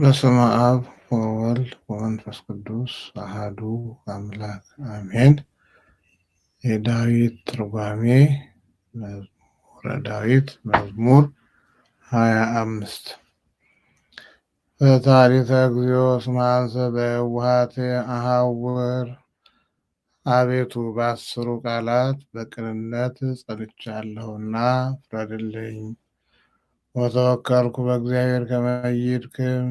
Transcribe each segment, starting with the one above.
በስመ አብ ወወልድ ወመንፈስ ቅዱስ አሃዱ አምላክ አሜን። የዳዊት ትርጓሜ መዝሙረ ዳዊት መዝሙር ሀያ አምስት ፈታሪተ እግዚኦ እስመ አንሰ በየዋሃቴ አሐውር። አቤቱ በአስሩ ቃላት በቅንነት ጸንቻለሁና ፍረድልኝ። ወተወከልኩ በእግዚአብሔር ከመ ይድክም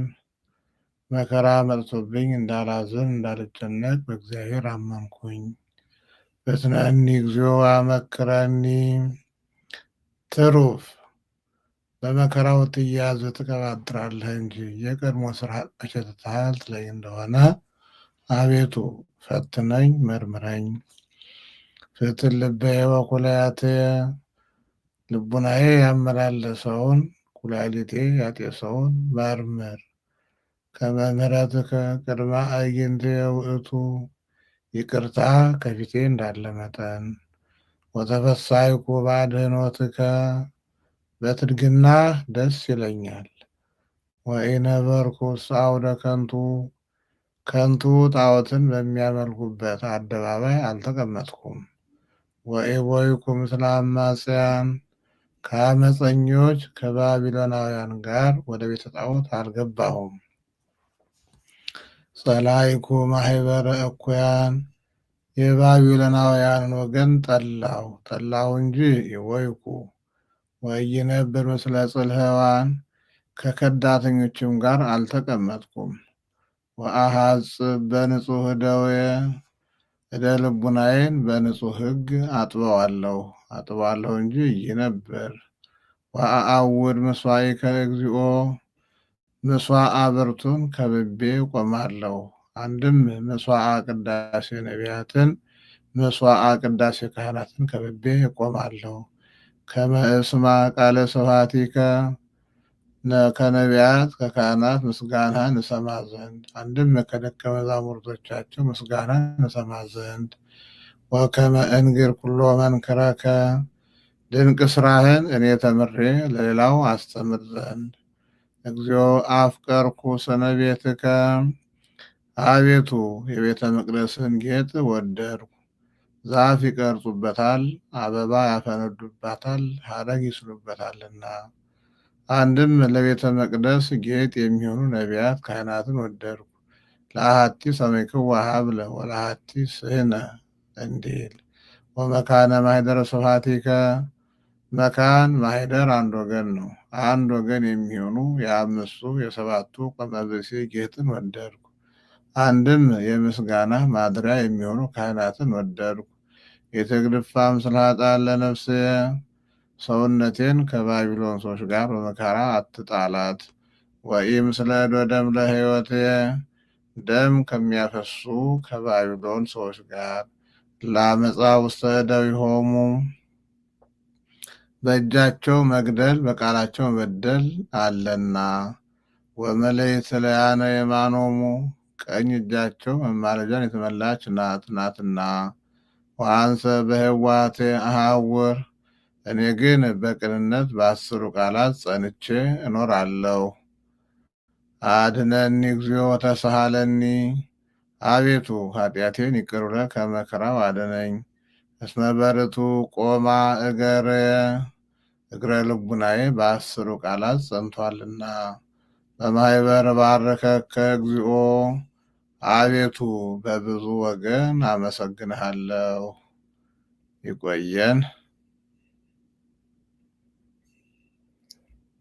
መከራ መጥቶብኝ እንዳላዝን እንዳልጨነቅ በእግዚአብሔር አመንኩኝ። በትናኒ እግዚኦ አመክረኒ ትሩፍ በመከራው ትያዝ ትቀባጥራለህ እንጂ የቀድሞ ስራ መቼ ትተሃል ትለኝ እንደሆነ አቤቱ ፈትነኝ፣ መርምረኝ። ፍትን ልበየ ወኩላያቴ ልቡናዬ ያመላለሰውን ኩላሊቴ ያጤሰውን መርምር ከመምህረትከ ቅድመ አዕይንት ውእቱ ይቅርታ ከፊቴ እንዳለ መጠን ወተፈሳይኩ ባድህኖትከ በትድግና ደስ ይለኛል። ወኢነበርኩ አውደ ከንቱ ከንቱ ጣዖትን በሚያመልኩበት አደባባይ አልተቀመጥኩም። ወኢቦይኩ ምስለ አማጽያን ከአመፀኞች ከባቢሎናውያን ጋር ወደ ቤተ ጣዖት አልገባሁም። ሰላይኩ ማህበረ እኩያን የባቢሎናውያንን ወገን ጠላው ጠላሁ እንጂ ይወይኩ ወይነብር ምስለ ጽልሕዋን ከከዳተኞችም ጋር አልተቀመጥኩም። ወአሐጽብ በንጹህ ደዌ እደ ልቡናዬን በንጹህ ሕግ አጥበዋለሁ አጥበዋለሁ እንጂ ይነብር ወአአውድ ምስዋዕከ እግዚኦ ብርቱን ከብቤ ቆማለሁ። አንድም መስዋዕ ቅዳሴ ነቢያትን መስዋዕ ቅዳሴ ካህናትን ከብቤ ቆማለሁ። ከመእስማ ቃለ ስብሐቲከ ከነቢያት ከካህናት ምስጋናን እሰማ ዘንድ አንድም ከደቀ መዛሙርቶቻቸው ምስጋና እሰማ ዘንድ ወከመ እንግር ኩሎ መንክረከ ድንቅ ስራህን እኔ ተምሬ ለሌላው አስተምር ዘንድ እግዚኦ አፍቀርኩ ስነ ቤትከ አቤቱ የቤተ መቅደስን ጌጥ ወደድኩ። ዛፍ ይቀርጹበታል፣ አበባ ያፈነዱበታል ሀረግ ይስሉበታልና። አንድም ለቤተ መቅደስ ጌጥ የሚሆኑ ነቢያት ካህናትን ወደድኩ። ለአሃቲ ሰመይክዋ ሀብለ ወለአሃቲ ስህነ እንዲል ወመካነ ማህደረ ስብሐቲከ መካን ማህደር አንድ ወገን ነው። አንድ ወገን የሚሆኑ የአምስቱ የሰባቱ ቆመዘሴ ጌጥን ወደድኩ። አንድም የምስጋና ማድሪያ የሚሆኑ ካህናትን ወደድኩ። የትግልፋም ስላጣን ለነፍስ ሰውነቴን ከባቢሎን ሰዎች ጋር በመከራ አትጣላት። ወኢም ስለ ደም ለህይወቴ ደም ከሚያፈሱ ከባቢሎን ሰዎች ጋር ለአመፃ ውስተ ይሆሙ! በእጃቸው መግደል በቃላቸው መበደል አለና ወመለይ የተለያነ የማኖሙ ቀኝ እጃቸው መማለጃን የተመላች ናት ናትና ዋንሰ በህዋቴ አሃውር እኔ ግን በቅንነት በአስሩ ቃላት ጸንቼ እኖራለሁ። አድነኒ እግዚኦ ተሳሃለኒ አቤቱ ኃጢአቴን ይቅር ከመከራው አድነኝ። እስመ በርቱ ቆማ እገር እግረ ልቡናይ በአስሩ ቃላት ጸንቷልና በማይበር ባረከከ እግዚኦ አቤቱ በብዙ ወገን አመሰግንሃለሁ። ይቆየን።